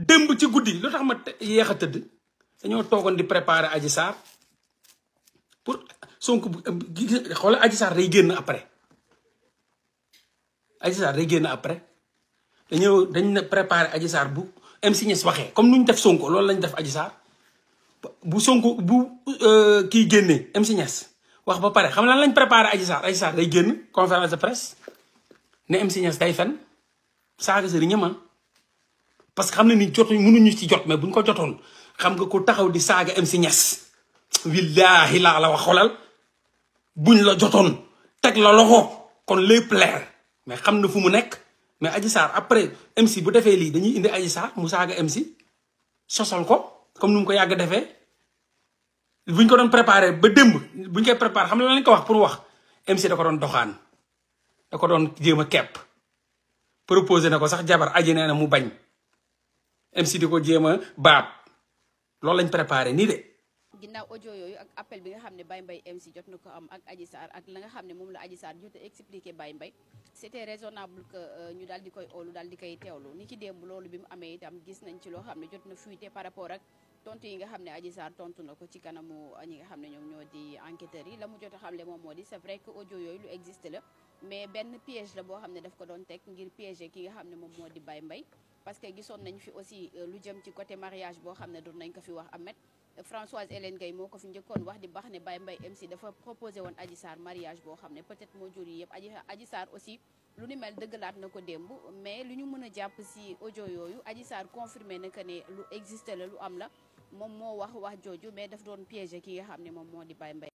demb ci goudi lutax ma yeexa teud tëdd dañoo di préparer Adji sar pour sonku xol Adji sar day génn après Adji sar day génn après dañoo dañ na préparer Adji sar bu MC Niass waxee comme nuñ def sonku lolou lañ def Adji sar bu sonku bu euh, ki génnee MC Niass wax ba paré xam lan lañ préparer Adji sar Adji sar day génn conférence de presse ne MC Niass day fen saaga ma parce que xam na ni nu mënuñu ci jot mais buñ ko jotoon xam nga ku taxaw di saaga MC Niass wallaahi laa la wax xoolal buñ la jotoon teg la loxo kon lépp leer mais xam na fu mu nekk mais Adji saar après MC bu defee lii dañuy indi Adji Sarr mu saaga MC sosol ko comme nu mu ko yàgg defee buñ ko doon préparer ba démb buñ koy préparé xam la lañ ko wax pour wax MC da ko doon doxaan da ko doon jéem a kepp proposé na ko sax jabar aji nee na mu bañ MC di ko jéem a baab loolu lañ préparé nii de. ginnaaw audio yooyu ak appel bi nga xam ne Baye Mbaye MC jot na ko am ak Adji Sarr ak la nga xam ne moom la Adji Sarr jot a expliqué Baye Mbaye c'était raisonnable que euh, ñu daal di koy oolu daal di koy teewlu ni ki démb loolu bi mu amee itam gis nañ ci loo xam ne jot na fuité par rapport ak. tontu yi nga xam ne Adji Sarr tontu na ko ci kanamu ñi nga xam ne ñoom ñoo di enquêteurs yi la mu jot a xamle moom moo di c'est vrai que audio yooyu lu existe la mais benn piège la boo xam ne daf ko doon teg ngir piéger ki nga xam ne moom moo di Baye mbay parce que gisoon nañ fi aussi euh, lu jëm ci côté mariage boo xam ne doon nañ ko fi wax Ahmed Françoise Hélène Gueye moo ko fi njëkkoon wax di baax ne mbay m MC dafa proposé woon Adji Sarr mariage boo xam ne peut-être moo jur yi yëpp Adji aussi lu ni mel dëggalaat na ko démb mais lu ñu mën a jàpp si audio yooyu Adji Sarr confirmé na que ne lu existe la lu am la moom moo wax wax jooju mais daf doon piéger ki nga xam ne moom moo di Baye Mbaye